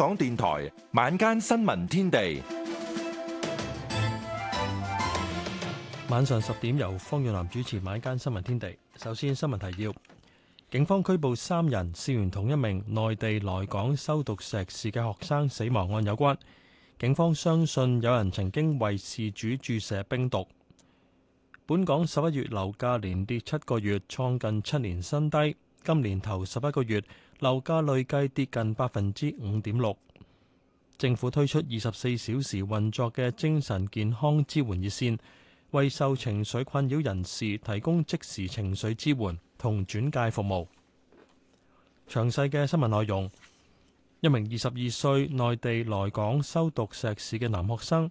香港電台晚間新聞天地，晚上十點由方遠南主持晚間新聞天地。首先新聞提要：警方拘捕三人，涉嫌同一名內地來港修讀碩士嘅學生死亡案有關。警方相信有人曾經為事主注射冰毒。本港十一月樓價連跌七個月，創近七年新低。今年頭十一個月，樓價累計跌近百分之五點六。政府推出二十四小時運作嘅精神健康支援熱線，為受情緒困擾人士提供即時情緒支援同轉介服務。詳細嘅新聞內容：一名二十二歲內地來港修讀碩士嘅男學生，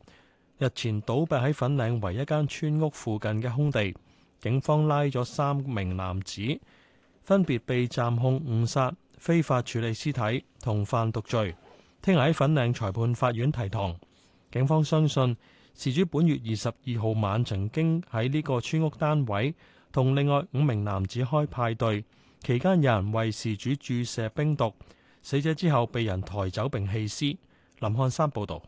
日前倒斃喺粉嶺圍一間村屋附近嘅空地，警方拉咗三名男子。分別被暫控誤殺、非法處理屍體同販毒罪。聽日喺粉嶺裁判法院提堂。警方相信，事主本月二十二號晚曾經喺呢個村屋單位同另外五名男子開派對，期間有人為事主注射冰毒。死者之後被人抬走並棄屍。林漢山報導。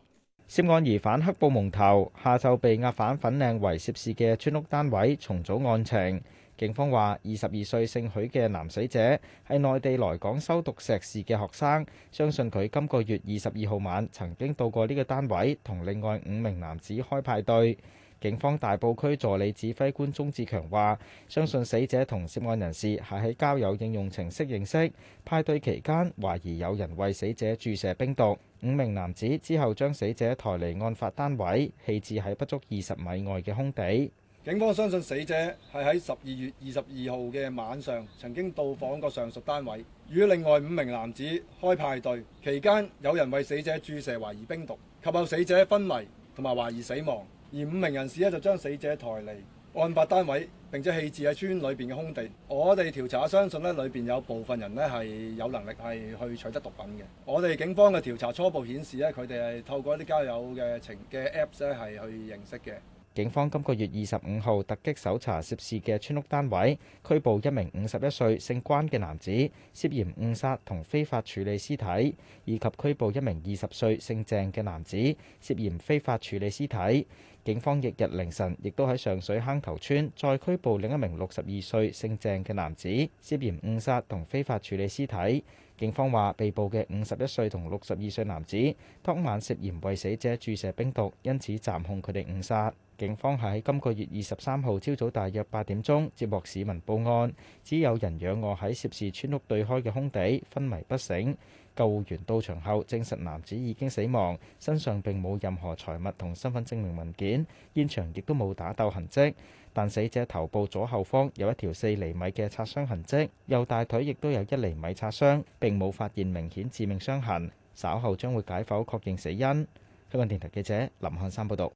涉案疑犯黑布蒙頭，下晝被押返粉嶺圍涉事嘅村屋單位重組案情。警方話：二十二歲姓許嘅男死者係內地來港修讀碩士嘅學生，相信佢今個月二十二號晚曾經到過呢個單位同另外五名男子開派對。警方大埔區助理指揮官鐘志強話：相信死者同涉案人士係喺交友應用程式認識，派對期間懷疑有人為死者注射冰毒，五名男子之後將死者抬離案發單位，棄置喺不足二十米外嘅空地。警方相信死者係喺十二月二十二號嘅晚上曾經到訪過上述單位，與另外五名男子開派對期間有人為死者注射懷疑冰毒，及後死者昏迷同埋懷疑死亡，而五名人士呢就將死者抬離案發單位，並且棄置喺村裏邊嘅空地。我哋調查相信呢裏邊有部分人呢係有能力係去取得毒品嘅。我哋警方嘅調查初步顯示呢，佢哋係透過一啲交友嘅情嘅 Apps 咧，係去認識嘅。警方今個月二十五號突擊搜查涉事嘅村屋單位，拘捕一名五十一歲姓關嘅男子，涉嫌誤殺同非法處理屍體，以及拘捕一名二十歲姓鄭嘅男子，涉嫌非法處理屍體。警方翌日凌晨亦都喺上水坑頭村再拘捕另一名六十二歲姓鄭嘅男子，涉嫌誤殺同非法處理屍體。警方話，被捕嘅五十一歲同六十二歲男子當晚涉嫌為死者注射冰毒，因此暫控佢哋誤殺。警方喺今個月二十三號朝早大約八點鐘接獲市民報案，指有人仰臥喺涉事村屋對開嘅空地昏迷不醒。救援到場後，證實男子已經死亡，身上並冇任何財物同身份證明文件，現場亦都冇打鬥痕跡。但死者頭部左後方有一條四厘米嘅擦傷痕跡，右大腿亦都有一厘米擦傷，並冇發現明顯致命傷痕。稍後將會解剖確認死因。香港電台記者林漢山報道。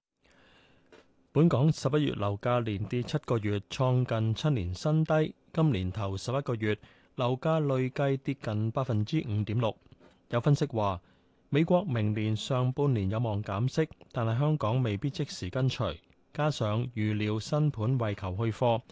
本港十一月樓價連跌七個月，創近七年新低。今年頭十一個月樓價累計跌近百分之五點六。有分析話，美國明年上半年有望減息，但係香港未必即時跟隨。加上預料新盤為求去貨，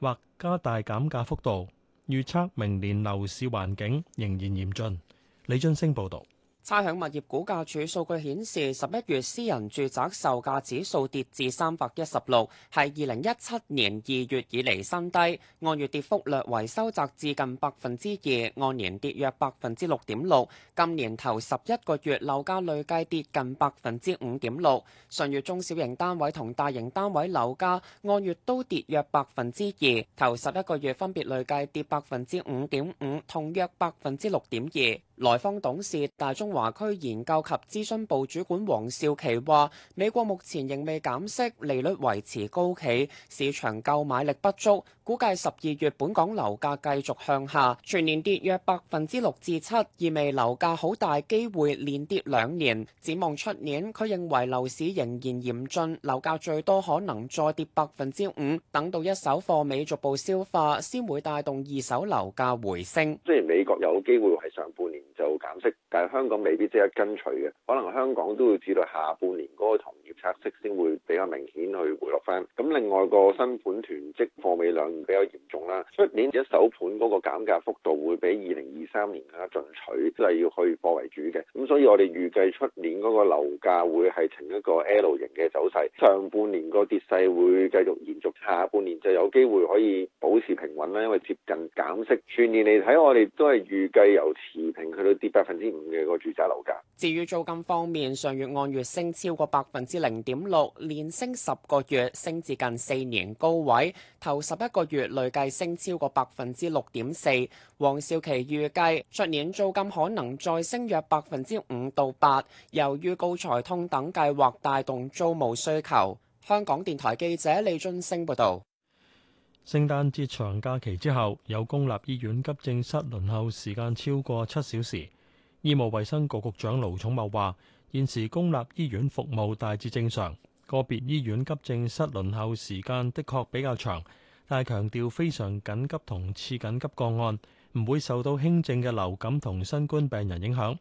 或加大減價幅度，預測明年樓市環境仍然嚴峻。李俊升報導。差餉物業估價署數據顯示，十一月私人住宅售價指數跌至三百一十六，係二零一七年二月以嚟新低。按月跌幅略為收窄至近百分之二，按年跌約百分之六點六。今年頭十一個月樓價累計跌近百分之五點六。上月中小型單位同大型單位樓價按月都跌約百分之二，頭十一個月分別累計跌百分之五點五，同約百分之六點二。來訪董事大中。華區研究及諮詢部主管黃少琪話，美國目前仍未減息，利率維持高企，市場購買力不足，估計十二月本港樓價繼續向下，全年跌約百分之六至七，意味樓價好大機會連跌兩年。展望出年，佢認為樓市仍然嚴峻，樓價最多可能再跌百分之五，等到一手貨尾逐步消化，先會帶動二手樓價回升。即係美國有機會係上半年。就減息，但係香港未必即刻跟隨嘅，可能香港都會至到下半年嗰個同業拆息先會比較明顯去回落翻。咁另外個新盤囤積貨尾量比較嚴重啦，出年一手盤盤嗰個減價幅度會比二零二三年啦進取，即係要去貨為主嘅。咁所以我哋預計出年嗰個樓價會係呈一個 L 型嘅走勢，上半年個跌勢會繼續延續，下半年就有機會可以保持平穩啦，因為接近減息。全年嚟睇，我哋都係預計由持平去到，跌百分之五嘅個住宅樓價。至於租金方面，上月按月升超過百分之零點六，連升十個月，升至近四年高位。頭十一個月累計升超過百分之六點四。黃少琪預計，出年租金可能再升約百分之五到八，由於高才通等計劃帶動租務需求。香港電台記者李俊升報道。聖誕節長假期之後，有公立醫院急症室輪候時間超過七小時。醫務衛生局局長盧寵茂話，現時公立醫院服務大致正常，個別醫院急症室輪候時間的確比較長，但係強調非常緊急同次緊急個案唔會受到輕症嘅流感同新冠病人影響。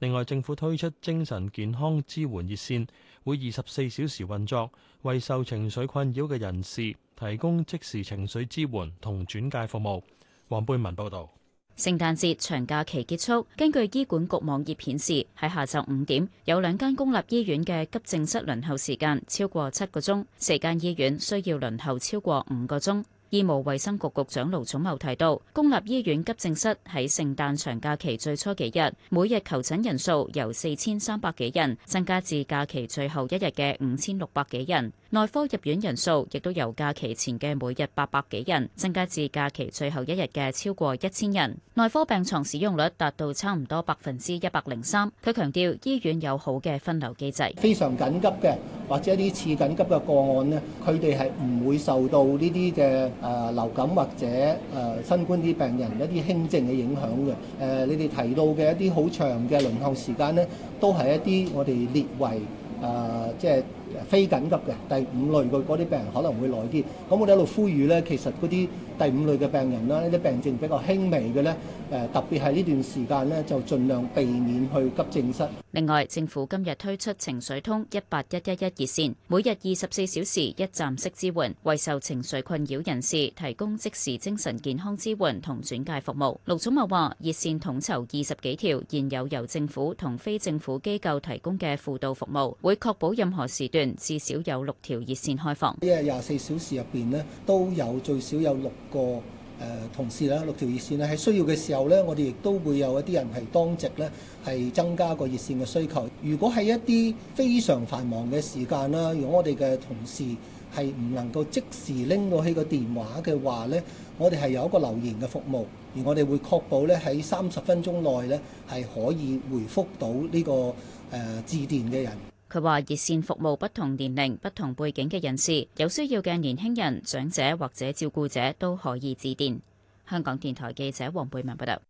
另外，政府推出精神健康支援熱線。會二十四小時運作，為受情緒困擾嘅人士提供即時情緒支援同轉介服務。黃貝文報道。聖誕節長假期結束，根據醫管局網頁顯示，喺下晝五點，有兩間公立醫院嘅急症室輪候時間超過七個鐘，四間醫院需要輪候超過五個鐘。醫務衛生局局長盧寵茂提到，公立醫院急症室喺聖誕長假期最初幾日，每日求診人數由四千三百幾人增加至假期最後一日嘅五千六百幾人。內科入院人數亦都由假期前嘅每日八百幾人，增加至假期最後一日嘅超過一千人。內科病床使用率達到差唔多百分之一百零三。佢強調醫院有好嘅分流機制，非常緊急嘅或者一啲次緊急嘅個案咧，佢哋係唔會受到呢啲嘅誒流感或者誒新冠啲病人一啲輕症嘅影響嘅。誒，你哋提到嘅一啲好長嘅輪候時間咧，都係一啲我哋列為誒即係。呃即係非緊急嘅第五類嘅嗰啲病人可能會耐啲，咁我哋喺度呼籲咧，其實嗰啲。第五類嘅病人啦，呢啲病症比較輕微嘅咧，誒特別係呢段時間咧，就盡量避免去急症室。另外，政府今日推出情緒通一八一一一熱線，每日二十四小時一站式支援，為受情緒困擾人士提供即時精神健康支援同轉介服務。盧寵茂話：熱線統籌二十幾條現有由政府同非政府機構提供嘅輔導服務，會確保任何時段至少有六條熱線開放。即係廿四小時入邊咧，都有最少有六個誒、呃、同事啦，六條熱線咧喺需要嘅時候呢，我哋亦都會有一啲人係當值呢，係增加個熱線嘅需求。如果係一啲非常繁忙嘅時間啦，如果我哋嘅同事係唔能夠即時拎到起個電話嘅話呢，我哋係有一個留言嘅服務，而我哋會確保呢，喺三十分鐘內呢，係可以回覆到呢、這個誒、呃、致電嘅人。佢話熱線服務不同年齡、不同背景嘅人士，有需要嘅年輕人、長者或者照顧者都可以致電。香港電台記者黃貝文報道。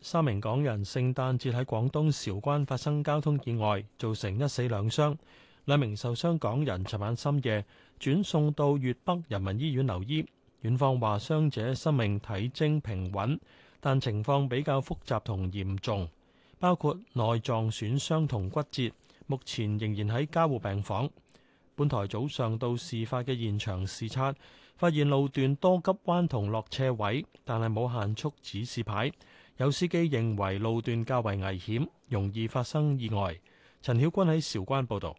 三名港人聖誕節喺廣東韶關發生交通意外，造成一死兩傷。兩名受傷港人尋晚深夜轉送到粵北人民醫院留醫。院方話傷者生命體徵平穩，但情況比較複雜同嚴重，包括內臟損傷同骨折。目前仍然喺加護病房。本台早上到事發嘅現場視察，發現路段多急彎同落斜位，但係冇限速指示牌。有司機認為路段較為危險，容易發生意外。陳曉君喺韶關報道，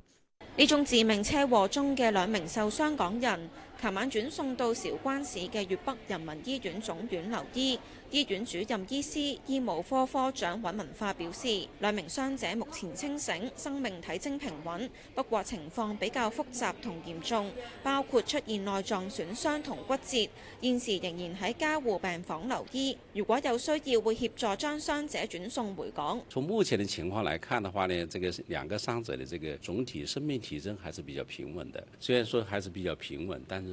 呢宗致命車禍中嘅兩名受傷港人。昨晚轉送到韶關市嘅粵北人民醫院總院留醫，醫院主任醫師醫務科科長尹文化表示，兩名傷者目前清醒，生命體徵平穩，不過情況比較複雜同嚴重，包括出現內臟損傷同骨折，現時仍然喺加護病房留醫，如果有需要，會協助將傷者轉送回港。從目前嘅情況來看，的話呢這個兩個傷者的這個總體生命體徵還是比較平穩的。雖然說，還是比較平穩，但是。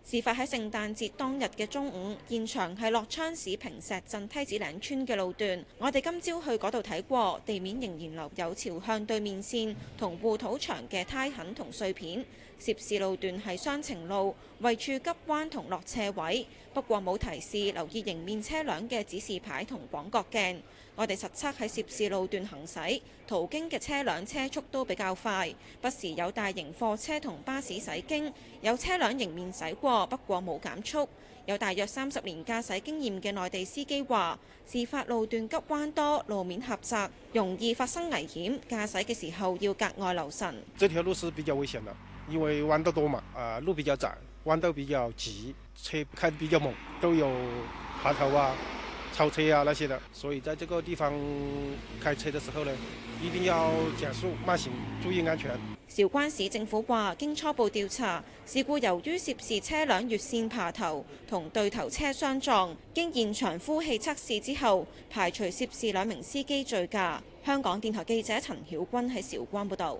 事發喺聖誕節當日嘅中午，現場係樂昌市坪石鎮梯子嶺村嘅路段。我哋今朝去嗰度睇過，地面仍然留有朝向對面線同護土牆嘅胎痕同碎片。涉事路段係雙程路，位處急彎同落斜位。不過冇提示留意迎面車輛嘅指示牌同廣角鏡。我哋實測喺涉事路段行駛，途經嘅車輛車速都比較快，不時有大型貨車同巴士駛經，有車輛迎面駛過，不過冇減速。有大約三十年駕駛經驗嘅內地司機話：事發路段急彎多，路面狹窄，容易發生危險，駕駛嘅時候要格外留神。這條路是比較危險嘅，因為彎道多嘛，啊，路比較窄。彎道比較急，車開得比較猛，都有爬頭啊、超車啊那些的，所以在這個地方開車的時候呢，一定要減速慢行，注意安全。韶關市政府話，經初步調查，事故由於涉事車輛越線爬頭同對頭車相撞，經現場呼氣測試之後，排除涉事兩名司機醉駕。香港電台記者陳曉君喺韶關報道。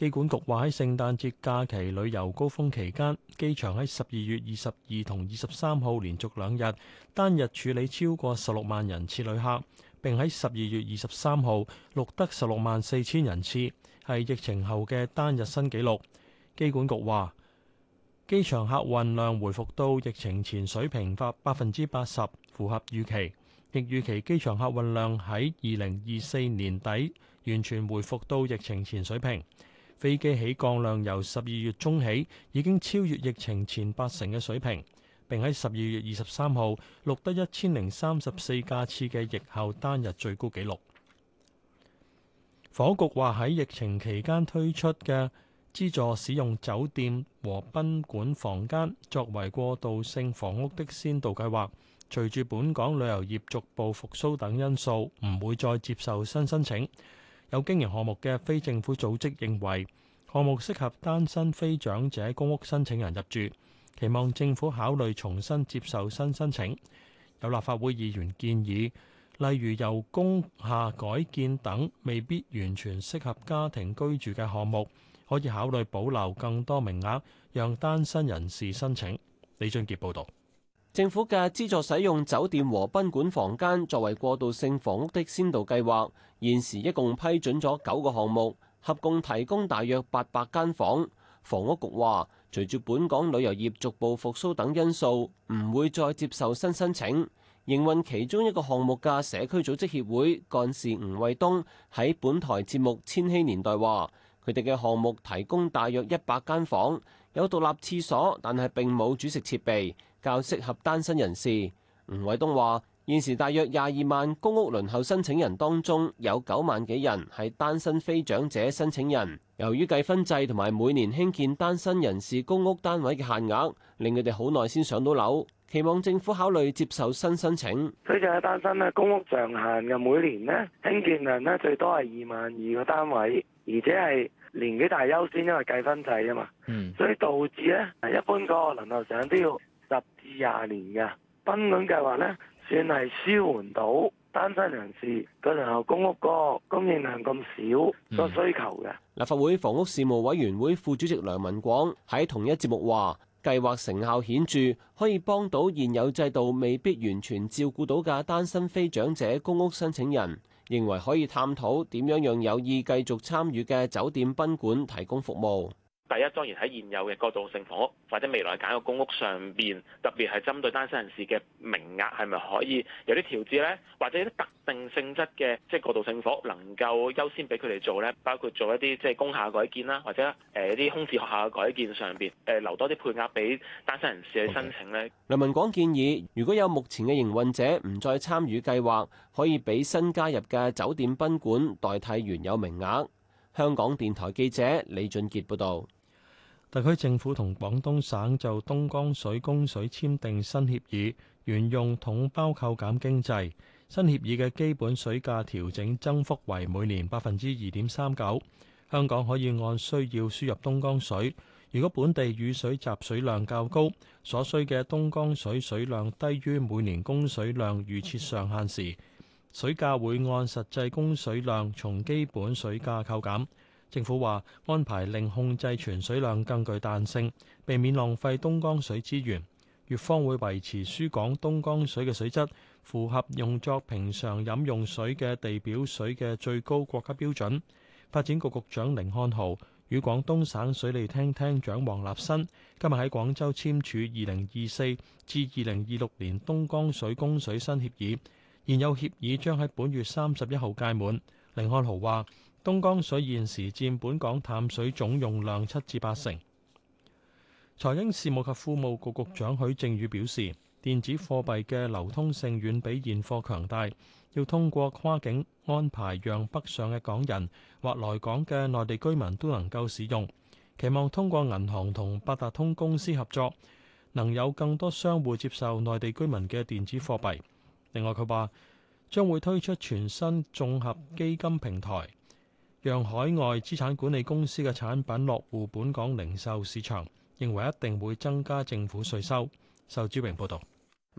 機管局話喺聖誕節假期旅遊高峰期間，機場喺十二月二十二同二十三號連續兩日單日處理超過十六萬人次旅客，並喺十二月二十三號錄得十六萬四千人次，係疫情後嘅單日新紀錄。機管局話，機場客運量回復到疫情前水平或百分之八十，符合預期，亦預期機場客運量喺二零二四年底完全回復到疫情前水平。飛機起降量由十二月中起已經超越疫情前八成嘅水平，並喺十二月二十三號錄得一千零三十四架次嘅疫後單日最高紀錄。房局話，喺疫情期間推出嘅資助使用酒店和賓館房間作為過渡性房屋的先導計劃，隨住本港旅遊業逐步復甦等因素，唔會再接受新申請。有經營項目嘅非政府組織認為，項目適合單身非長者公屋申請人入住，期望政府考慮重新接受新申請。有立法會議員建議，例如由工廈改建等未必完全適合家庭居住嘅項目，可以考慮保留更多名額，讓單身人士申請。李俊傑報導。政府嘅資助使用酒店和賓館房間作為過渡性房屋的先導計劃，現時一共批准咗九個項目，合共提供大約八百間房，房。房屋局話，隨住本港旅遊業逐步復蘇等因素，唔會再接受新申請。營運其中一個項目嘅社區組織協會幹事吳衛東喺本台節目《千禧年代》話，佢哋嘅項目提供大約一百間房，有獨立廁所，但係並冇煮食設備。較適合單身人士，吳偉東話：現時大約廿二萬公屋輪候申請人當中，有九萬幾人係單身非長者申請人。由於計分制同埋每年興建單身人士公屋單位嘅限額，令佢哋好耐先上到樓，期望政府考慮接受新申請。佢就係單身咧，公屋上限嘅每年咧興建量咧最多係二萬二個單位，而且係年紀大優先，因為計分制啊嘛。嗯。所以導致咧，一般嗰個輪候上都要十至廿年嘅賓館計劃呢，算係舒緩到單身人士嗰時候公屋個供應量咁少個需求嘅。立法會房屋事務委員會副主席梁文廣喺同一節目話，計劃成效顯著，可以幫到現有制度未必完全照顧到嘅單身非長者公屋申請人，認為可以探討點樣讓有意繼續參與嘅酒店賓館提供服務。第一當然喺現有嘅過渡性房屋或者未來揀個公屋上邊，特別係針對單身人士嘅名額係咪可以有啲調節呢？或者啲特定性質嘅即係過渡性房屋能夠優先俾佢哋做呢？包括做一啲即係工廈改建啦，或者誒一啲空置學校嘅改建上邊，誒留多啲配額俾單身人士去申請呢？梁 Okay. 文廣建議，如果有目前嘅營運者唔再參與計劃，可以俾新加入嘅酒店賓館代替原有名額。香港電台記者李俊傑報導。特區政府同廣東省就東江水供水簽訂新協議，沿用統包扣減經濟。新協議嘅基本水價調整增幅為每年百分之二點三九。香港可以按需要輸入東江水。如果本地雨水集水量較高，所需嘅東江水水量低於每年供水量預設上限時，水價會按實際供水量從基本水價扣減。政府話安排令控制存水量更具彈性，避免浪費東江水資源。粵方會維持輸港東江水嘅水質符合用作平常飲用水嘅地表水嘅最高國家標準。發展局局長甯漢豪與廣東省水利廳廳長王立新今日喺廣州簽署二零二四至二零二六年東江水供水新協議，現有協議將喺本月三十一號屆滿。甯漢豪話。東江水現時佔本港淡水總用量七至八成。財經事務及庫務局局長許正宇表示，電子貨幣嘅流通性遠比現貨強大，要通過跨境安排，讓北上嘅港人或來港嘅內地居民都能夠使用。期望通過銀行同八達通公司合作，能有更多商戶接受內地居民嘅電子貨幣。另外，佢話將會推出全新綜合基金平台。讓海外資產管理公司嘅產品落戶本港零售市場，認為一定會增加政府稅收，仇志榮報道。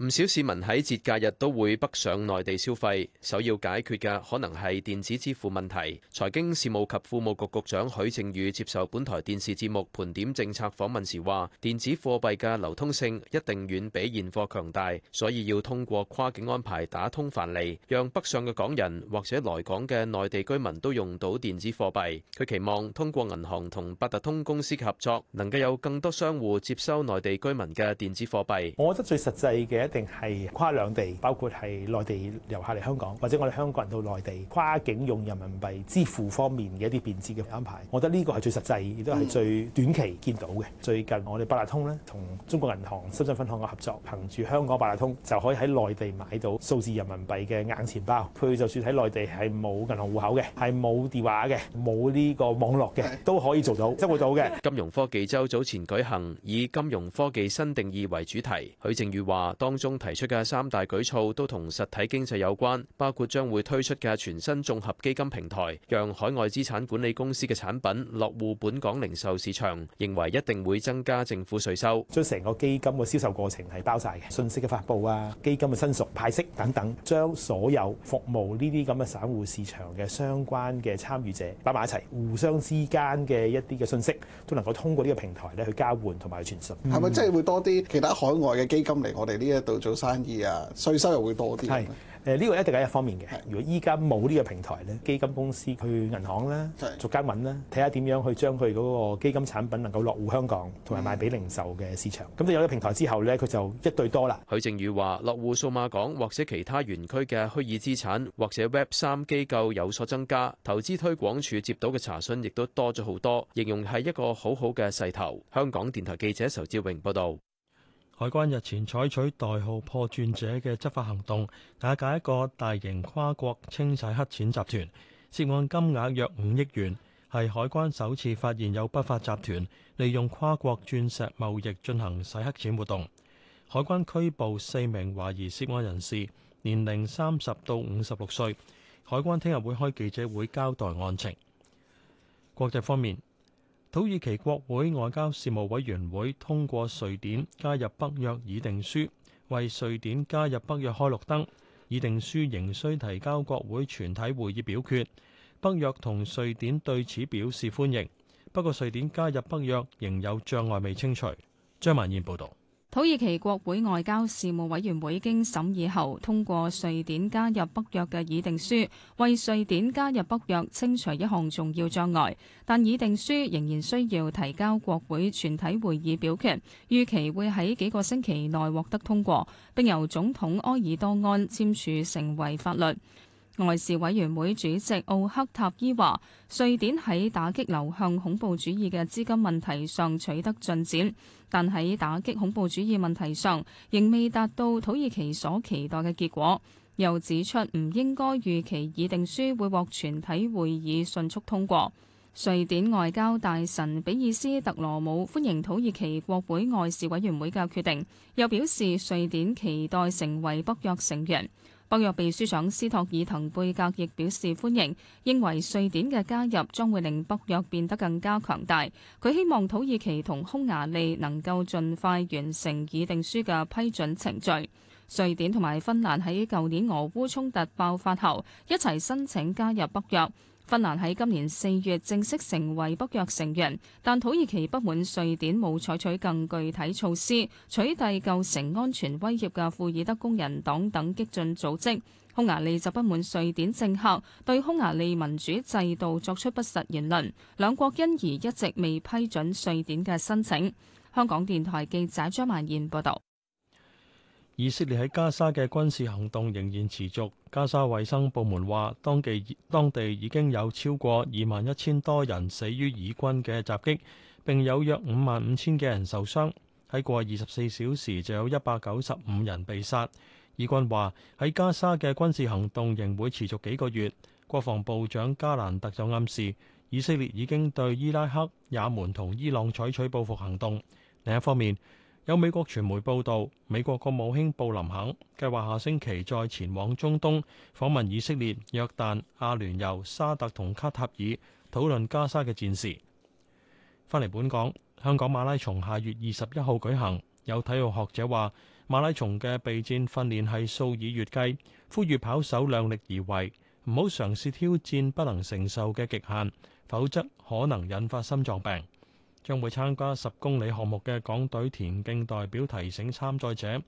唔少市民喺節假日都會北上內地消費，首要解決嘅可能係電子支付問題。財經事務及庫務局局長許正宇接受本台電視節目盤點政策訪問時話，電子貨幣嘅流通性一定遠比現貨強大，所以要通過跨境安排打通返利，讓北上嘅港人或者來港嘅內地居民都用到電子貨幣。佢期望通過銀行同八達通公司嘅合作，能夠有更多商戶接收內地居民嘅電子貨幣。我覺得最實際嘅。定係跨兩地，包括係內地遊客嚟香港，或者我哋香港人到內地，跨境用人民幣支付方面嘅一啲便捷嘅安排，我覺得呢個係最實際，亦都係最短期見到嘅。最近我哋八達通咧，同中國銀行深圳分行嘅合作，憑住香港八達通就可以喺內地買到數字人民幣嘅硬錢包。佢就算喺內地係冇銀行戶口嘅，係冇電話嘅，冇呢個網絡嘅，都可以做到，即活到嘅。金融科技周早前舉行，以金融科技新定義為主題，許正宇話：當當中提出嘅三大舉措都同實體經濟有關，包括將會推出嘅全新綜合基金平台，讓海外資產管理公司嘅產品落戶本港零售市場。認為一定會增加政府稅收，將成個基金嘅銷售過程係包晒嘅，信息嘅發布啊，基金嘅申贖、派息等等，將所有服務呢啲咁嘅散戶市場嘅相關嘅參與者擺埋一齊，互相之間嘅一啲嘅信息都能夠通過呢個平台咧去交換同埋傳送。係咪即係會多啲其他海外嘅基金嚟我哋呢一？度做生意啊，稅收又會多啲。係，誒呢個一定係一方面嘅。的如果依家冇呢個平台咧，基金公司去銀行咧的逐間揾啦，睇下點樣去將佢嗰個基金產品能夠落戶香港，同埋賣俾零售嘅市場，咁你的有咗平台之後咧，佢就一對多啦。許正宇話落戶數碼港或者其他園區嘅虛擬資產或者 Web 三機構有所增加，投資推廣署接到嘅查詢亦都多咗好多，形容係一個好好嘅勢頭。香港電台記者仇志榮報道。海關日前採取代號「破鑽者」嘅執法行動，瓦解一個大型跨國清洗黑錢集團，涉案金額約五億元，係海關首次發現有不法集團利用跨國鑽石貿易進行洗黑錢活動。海關拘捕四名懷疑涉案人士，年齡三十到五十六歲。海關聽日會開記者會交代案情。國際方面。土耳其國會外交事務委員會通過瑞典加入北約議定書，為瑞典加入北約開綠燈，議定書仍需提交國會全體會議表決，北約同瑞典對此表示歡迎，不過瑞典加入北約仍有障礙未清除。張萬燕報道。土耳其國會外交事務委員會經審議後通過瑞典加入北約嘅議定書，為瑞典加入北約清除一項重要障礙。但議定書仍然需要提交國會全體會議表決，預期會喺幾個星期內獲得通過，並由總統埃爾多安簽署成為法律。外事委員會主席奧克塔伊話：瑞典喺打擊流向恐怖主義嘅資金問題上取得進展，但喺打擊恐怖主義問題上仍未達到土耳其所期待嘅結果。又指出唔應該預期議定書會獲全體會議迅速通過。瑞典外交大臣比爾斯特羅姆歡迎土耳其國會外事委員會嘅決定，又表示瑞典期待成為北約成員。北約秘書長斯托爾滕貝格亦表示歡迎，認為瑞典嘅加入將會令北約變得更加強大。佢希望土耳其同匈牙利能夠盡快完成議定書嘅批准程序。瑞典同埋芬蘭喺舊年俄烏衝突爆發後一齊申請加入北約。芬蘭喺今年四月正式成為北約成員，但土耳其不滿瑞典冇採取更具體措施取締構成安全威脅嘅庫爾德工人黨等激進組織。匈牙利就不滿瑞典政客對匈牙利民主制度作出不實言論，兩國因而一直未批准瑞典嘅申請。香港電台記者張曼燕報道。以色列喺加沙嘅軍事行動仍然持續，加沙衛生部門話當地當地已經有超過二萬一千多人死於以軍嘅襲擊，並有約五萬五千嘅人受傷，喺過二十四小時就有一百九十五人被殺。以軍話喺加沙嘅軍事行動仍會持續幾個月。國防部長加蘭特就暗示，以色列已經對伊拉克、也門同伊朗採取取報復行動，另一方面，有美國傳媒報導，美國國務卿布林肯計劃下星期再前往中東訪問以色列、約旦、阿聯酋、沙特同卡塔爾，討論加沙嘅戰事。翻嚟本港，香港馬拉松下月二十一號舉行，有體育學者話馬拉松嘅備戰訓練係數以月計，呼籲跑手量力而為，唔好嘗試挑戰不能承受嘅極限，否則可能引發心臟病。將會參加十公里項目嘅港隊田徑代表提醒參賽者，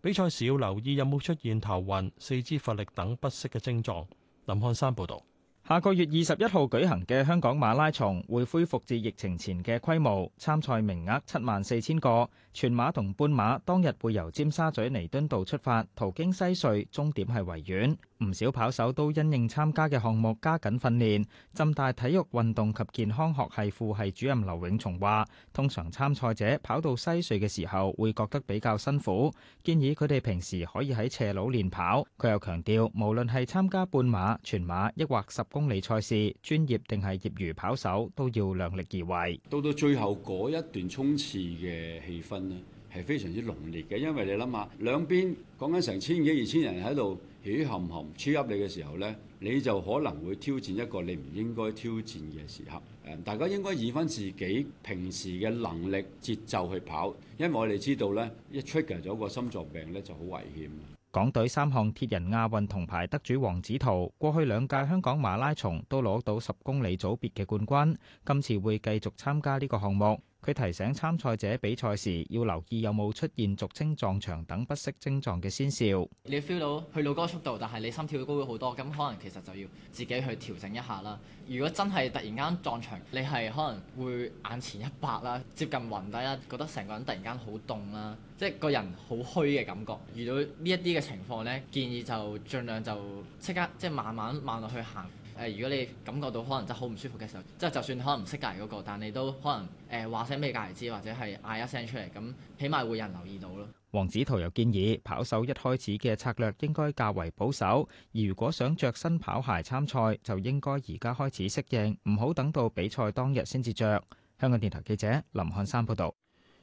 比賽時要留意有冇出現頭暈、四肢乏力等不適嘅症狀。林漢山報道，下個月二十一號舉行嘅香港馬拉松會恢復至疫情前嘅規模，參賽名額七萬四千個。全馬同半馬當日會由尖沙咀彌敦道出發，途經西隧，終點係維園。唔少跑手都因應參加嘅項目加緊訓練。浸大體育運動及健康學系副系主任劉永松話，通常參賽者跑到西隧嘅時候會覺得比較辛苦，建議佢哋平時可以喺斜路練跑。佢又強調，無論係參加半馬、全馬，抑或十公里賽事，專業定係業餘跑手都要量力而為。到到最後嗰一段衝刺嘅氣氛呢。係非常之濃烈嘅，因為你諗下，兩邊講緊成千幾、二千人喺度起含含、超級你嘅時候呢，你就可能會挑戰一個你唔應該挑戰嘅時刻。大家應該以翻自己平時嘅能力、節奏去跑，因為我哋知道呢一出嚟咗個心臟病呢就好危險。港隊三項鐵人亞運銅牌得主黃子圖，過去兩屆香港馬拉松都攞到十公里組別嘅冠軍，今次會繼續參加呢個項目。佢提醒參賽者比賽時要留意有冇出現俗稱撞牆等不適症狀嘅先兆。你 feel 到去到嗰個速度，但係你心跳高咗好多，咁可能其實就要自己去調整一下啦。如果真係突然間撞牆，你係可能會眼前一白啦，接近暈低啦，覺得成個人突然間好凍啦，即係個人好虛嘅感覺。遇到呢一啲嘅情況呢，建議就儘量就即刻即係慢慢慢落去行。誒，如果你感覺到可能就好唔舒服嘅時候，即係就算可能唔識隔籬嗰個，但你都可能誒、呃、話聲俾隔籬知，或者係嗌一聲出嚟，咁起碼會有人留意到咯。黃子圖又建議跑手一開始嘅策略應該較為保守，而如果想著新跑鞋參賽，就應該而家開始適應，唔好等到比賽當日先至着。香港電台記者林漢山報導。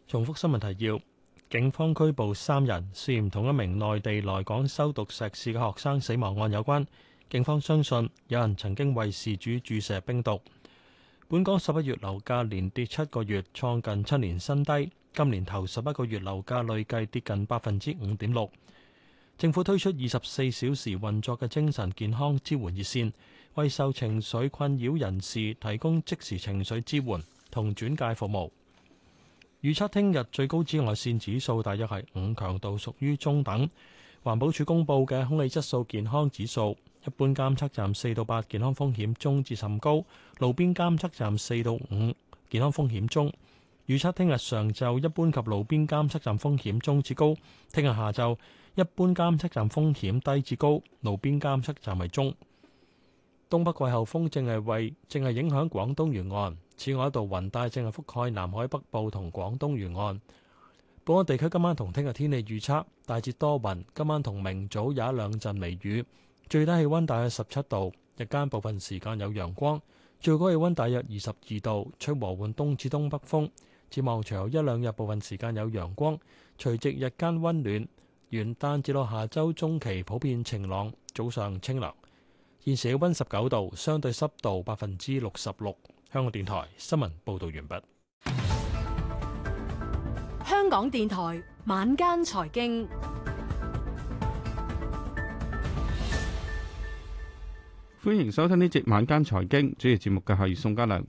重複新聞提要：警方拘捕三人，涉嫌同一名內地來港修讀碩士嘅學生死亡案有關。警方相信有人曾經為事主注射冰毒。本港十一月樓價連跌七個月，創近七年新低。今年頭十一個月樓價累計跌近百分之五點六。政府推出二十四小時運作嘅精神健康支援熱線，為受情緒困擾人士提供即時情緒支援同轉介服務。預測聽日最高紫外線指數大約係五，強度屬於中等。環保署公布嘅空氣質素健康指數。一般監測站四到八，8，健康風險中至甚高；路邊監測站四到五，5，健康風險中。預測聽日上晝一般及路邊監測站風險中至高，聽日下晝一般監測站風險低至高，路邊監測站為中。東北季候風正係為正係影響廣東沿岸，此外一道雲帶正係覆蓋南海北部同廣東沿岸。本港地區今晚同聽日天氣預測大致多雲，今晚同明早有一兩陣微雨。最低氣溫大約十七度，日間部分時間有陽光，最高氣溫大約二十二度，吹和緩東至東北風。展望隨後一兩日部分時間有陽光，隨即日間溫暖。元旦至到下周中期普遍晴朗，早上清涼。現時氣溫十九度，相對濕度百分之六十六。香港電台新聞報道完畢。香港電台晚間財經。歡迎收聽呢節晚間財經，主持節目嘅係宋家良。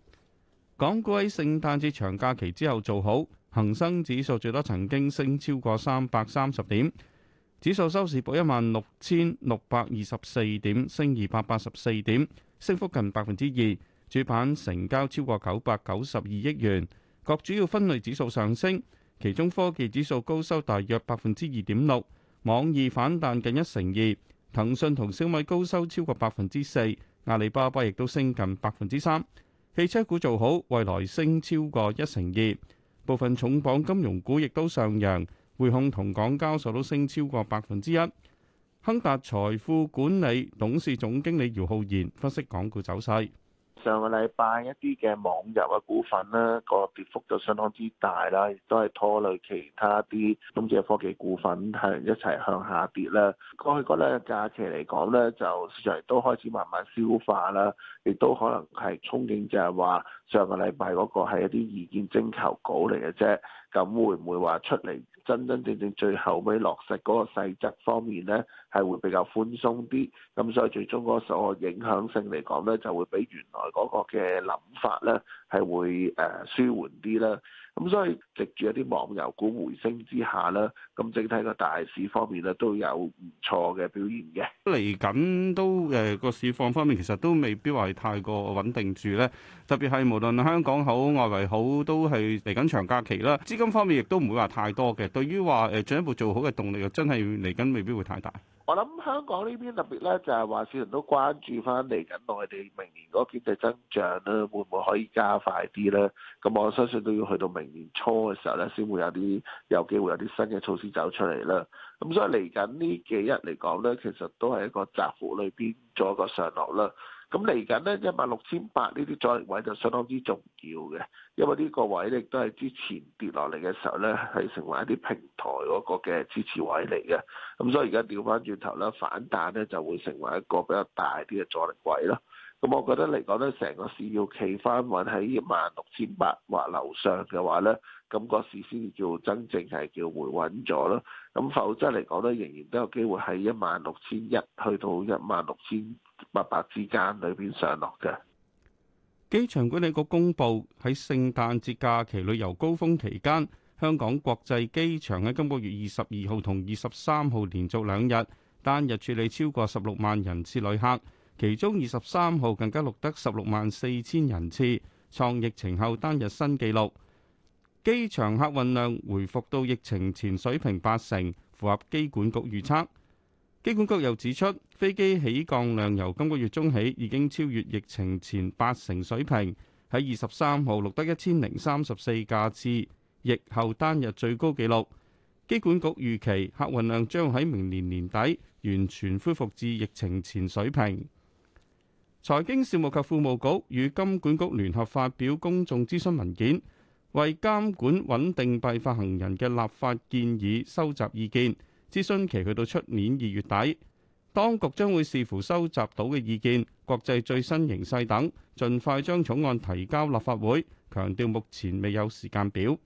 港股喺聖誕節長假期之後做好，恒生指數最多曾經升超過三百三十點，指數收市報一萬六千六百二十四點，升二百八十四點，升幅近百分之二。主板成交超過九百九十二億元，各主要分類指數上升，其中科技指數高收大約百分之二點六，網易反彈近一成二。騰訊同小米高收超過百分之四，阿里巴巴亦都升近百分之三。汽車股做好，蔚來升超過一成二。部分重磅金融股亦都上揚，匯控同港交所都升超過百分之一。亨達財富管理董事總經理姚浩然分析港股走勢。上個禮拜一啲嘅網遊嘅股份咧，嗰個跌幅就相當之大啦，亦都係拖累其他啲中資嘅科技股份係一齊向下跌啦。過去假期嚟講咧，就市場都開始慢慢消化啦，亦都可能係憧憬就係話上個禮拜嗰個係一啲意見徵求稿嚟嘅啫，咁會唔會話出嚟真真正正最後尾落實嗰個細則方面咧？係會比較寬鬆啲，咁所以最終嗰個影響性嚟講咧，就會比原來嗰個嘅諗法咧係會誒舒緩啲啦。咁所以藉住一啲網遊股回升之下咧，咁整體個大市方面咧都有唔錯嘅表現嘅。嚟緊都誒個市況方面其實都未必話係太過穩定住咧。特別係無論香港好、外圍好，都係嚟緊長假期啦。資金方面亦都唔會話太多嘅。對於話誒進一步做好嘅動力又真係嚟緊未必會太大。我諗香港呢邊特別咧，就係話市民都關注翻嚟緊內地明年嗰個經濟增長啦，會唔會可以加快啲咧？咁我相信都要去到明年初嘅時候咧，先會有啲有機會有啲新嘅措施走出嚟啦。咁所以嚟緊呢幾日嚟講咧，其實都係一個窄幅裏邊做一個上落啦。咁嚟緊咧，一萬六千八呢啲阻力位就相當之重要嘅，因為呢個位咧都係之前跌落嚟嘅時候咧，係成為一啲平台嗰個嘅支持位嚟嘅，咁所以而家調返轉頭咧，反彈咧就會成為一個比較大啲嘅阻力位咯。咁我覺得嚟講，咧，成個市要企翻穩喺一萬六千八或樓上嘅話呢，咧，咁個市先至叫真正係叫回穩咗啦。咁否則嚟講，咧，仍然都有機會喺一萬六千一去到一萬六千八百之間裏邊上落嘅。機場管理局公布，喺聖誕節假期旅遊高峰期間，香港國際機場喺今個月二十二號同二十三號連續兩日單日處理超過十六萬人次旅客。其中二十三號更加錄得十六萬四千人次，創疫情後單日新紀錄。機場客運量回復到疫情前水平八成，符合機管局預測。機管局又指出，飛機起降量由今個月中起已經超越疫情前八成水平，喺二十三號錄得一千零三十四架次，疫後單日最高紀錄。機管局預期客運量將喺明年年底完全恢復至疫情前水平。財經事務及庫務局與金管局聯合發表公眾諮詢文件，為監管穩定幣發行人嘅立法建議收集意見。諮詢期去到出年二月底，當局將會視乎收集到嘅意見、國際最新形勢等，盡快將草案提交立法會。強調目前未有時間表。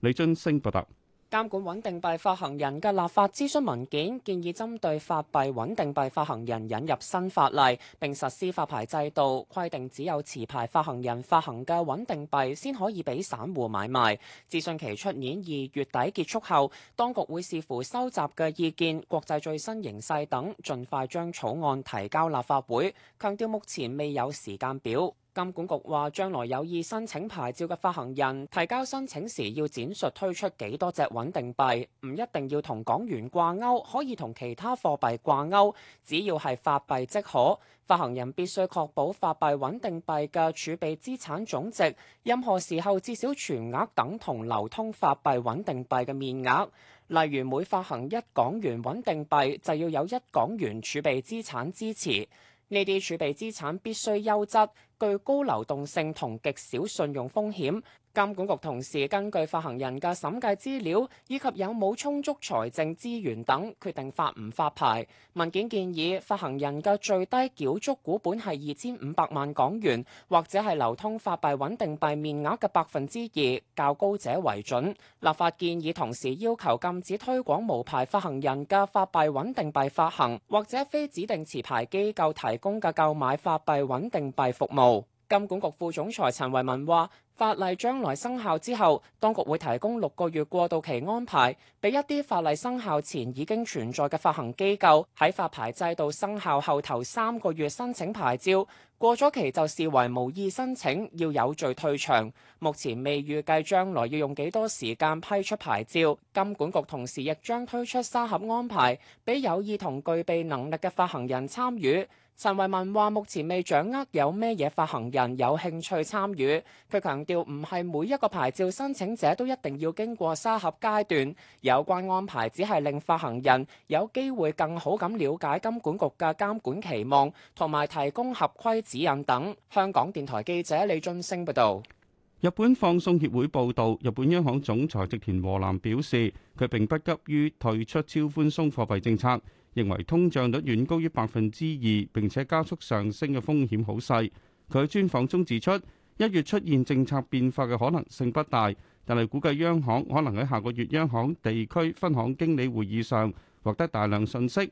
李津升報道。監管穩定幣發行人嘅立法諮詢文件建議，針對法幣穩定幣發行人引入新法例，並實施發牌制度，規定只有持牌發行人發行嘅穩定幣先可以俾散戶買賣。諮詢期出年二月底結束後，當局會視乎收集嘅意見、國際最新形勢等，盡快將草案提交立法會。強調目前未有時間表。金管局話將來有意申請牌照嘅發行人，提交申請時要展述推出幾多隻穩定幣，唔一定要同港元掛鈎，可以同其他貨幣掛鈎，只要係法幣即可。發行人必須確保法幣穩定幣嘅儲備資產總值，任何時候至少全額等同流通法幣穩定幣嘅面額，例如，每發行一港元穩定幣就要有一港元儲備資產支持。呢啲儲備資產必須優質、具高流動性同極少信用風險。監管局同時根據發行人嘅審計資料以及有冇充足財政資源等，決定發唔發牌。文件建議發行人嘅最低繳足股本係二千五百萬港元，或者係流通法幣穩定幣面額嘅百分之二，較高者為準。立法建議同時要求禁止推廣無牌發行人嘅法幣穩定幣發行，或者非指定持牌機構提供嘅購買法幣穩定幣服務。金管局副總裁陳維文話：法例將來生效之後，當局會提供六個月過渡期安排，俾一啲法例生效前已經存在嘅發行機構喺發牌制度生效後頭三個月申請牌照，過咗期就視為無意申請，要有序退場。目前未預計將來要用幾多時間批出牌照。金管局同時亦將推出沙盒安排，俾有意同具備能力嘅發行人參與。陳維文話：目前未掌握有咩嘢發行人有興趣參與。佢強調，唔係每一個牌照申請者都一定要經過沙盒階段。有關安排只係令發行人有機會更好咁了解金管局嘅監管期望，同埋提供合規指引等。香港電台記者李俊升報道。日本放送協會報道，日本央行總裁植田和男表示，佢並不急於退出超寬鬆貨幣政策。認為通脹率遠高於百分之二，並且加速上升嘅風險好細。佢喺專訪中指出，一月出現政策變化嘅可能性不大，但係估計央行可能喺下個月央行地區分行經理會議上獲得大量信息。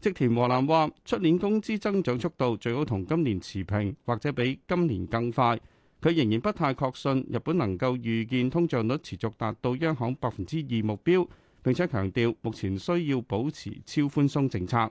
植田和男話，出年工資增長速度最好同今年持平，或者比今年更快。佢仍然不太確信日本能夠預見通脹率持續達到央行百分之二目標。並且強調，目前需要保持超寬鬆政策。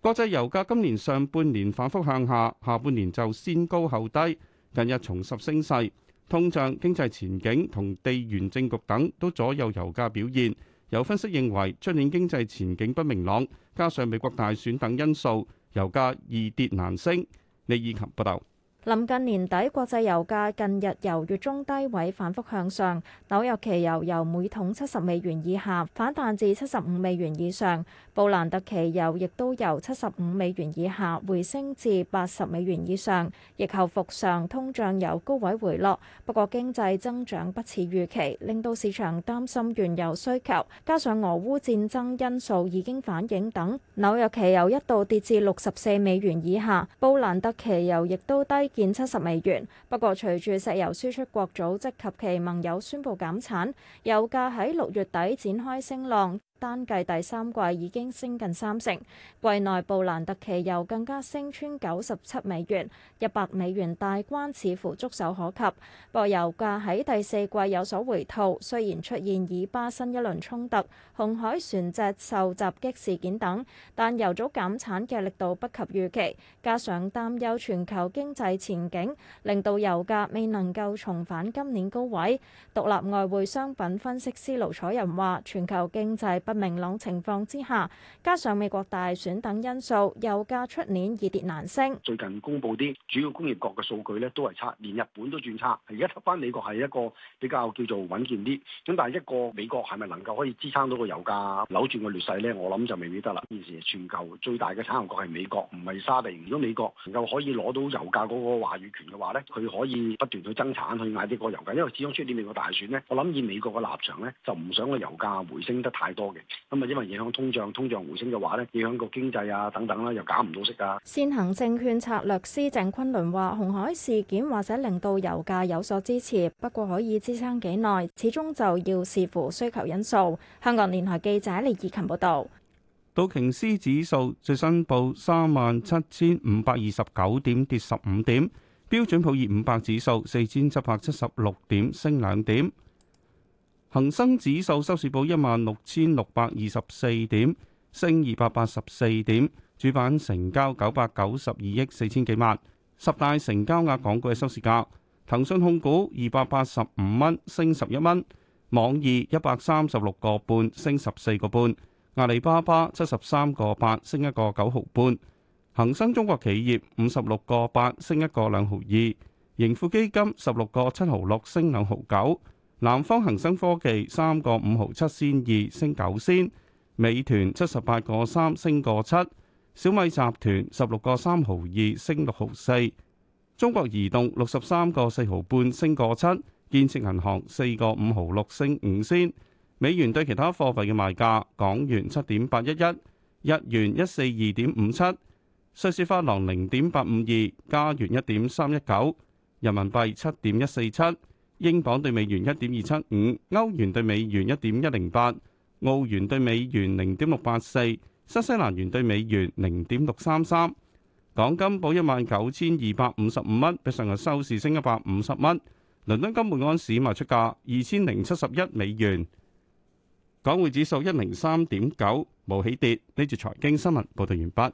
國際油價今年上半年反覆向下，下半年就先高後低，近日重拾升勢。通脹、經濟前景同地緣政局等都左右油價表現。有分析認為，出年經濟前景不明朗，加上美國大選等因素，油價易跌難升。李以琴報道。臨近年底，國際油價近日由月中低位反復向上，紐約期油由每桶七十美元以下反彈至七十五美元以上，布蘭特期油亦都由七十五美元以下回升至八十美元以上，疫後復上，通脹由高位回落。不過經濟增長不似預期，令到市場擔心原油需求，加上俄烏戰爭因素已經反映等，紐約期油一度跌至六十四美元以下，布蘭特期油亦都低。見七十美元，不過隨住石油輸出國組織及其盟友宣布減產，油價喺六月底展開升浪。單計第三季已經升近三成，季內布蘭特期油更加升穿九十七美元，一百美元大關似乎觸手可及。不過，油價喺第四季有所回吐，雖然出現以巴新一輪衝突、紅海船隻受襲擊事件等，但油組減產嘅力度不及預期，加上擔憂全球經濟前景，令到油價未能夠重返今年高位。獨立外匯商品分析師盧楚仁話，全球經濟不明朗情況之下，加上美國大選等因素，油價出年易跌難升。最近公布啲主要工業國嘅數據咧，都係差，連日本都轉差。而家睇翻美國係一個比較叫做穩健啲，咁但係一個美國係咪能夠可以支撐到個油價扭轉個劣勢咧？我諗就未必得啦。現時全球最大嘅產油國係美國，唔係沙地。如果美國能夠可以攞到油價嗰個話語權嘅話咧，佢可以不斷去增產，去壓啲個油價。因為始終出年美國大選咧，我諗以美國嘅立場咧，就唔想個油價回升得太多嘅。咁啊，因為影響通脹，通脹回升嘅話呢，影響個經濟啊等等啦，又搞唔到息噶。先行證券策略師鄭昆倫話，紅海事件或者令到油價有所支持，不過可以支撐幾耐，始終就要視乎需求因素。香港電台記者李義勤報道，道瓊斯指數最新報三萬七千五百二十九點，跌十五點。標準普爾五百指數四千七百七十六點，升兩點。恒生指數收市報一萬六千六百二十四點，升二百八十四點，主板成交九百九十二億四千幾萬。十大成交額港股嘅收市價：騰訊控股二百八十五蚊，升十一蚊；網易一百三十六個半，升十四個半；阿里巴巴七十三個八，升一個九毫半；恒生中國企業五十六個八，升一個兩毫二；盈富基金十六個七毫六，升兩毫九。南方恒生科技三個五毫七仙二升九仙，美團七十八個三升個七，小米集團十六個三毫二升六毫四，中國移動六十三個四毫半升個七，建設銀行四個五毫六升五仙，美元兌其他貨幣嘅賣價：港元七點八一一，日元一四二點五七，瑞士法郎零點八五二，加元一點三一九，人民幣七點一四七。英鎊兌美元一點二七五，歐元兌美元一點一零八，澳元兌美元零點六八四，新西蘭元兌美元零點六三三。港金報一萬九千二百五十五蚊，比上日收市升一百五十蚊。倫敦金本安士賣出價二千零七十一美元。港匯指數一零三點九，無起跌。呢段財經新聞報道完畢。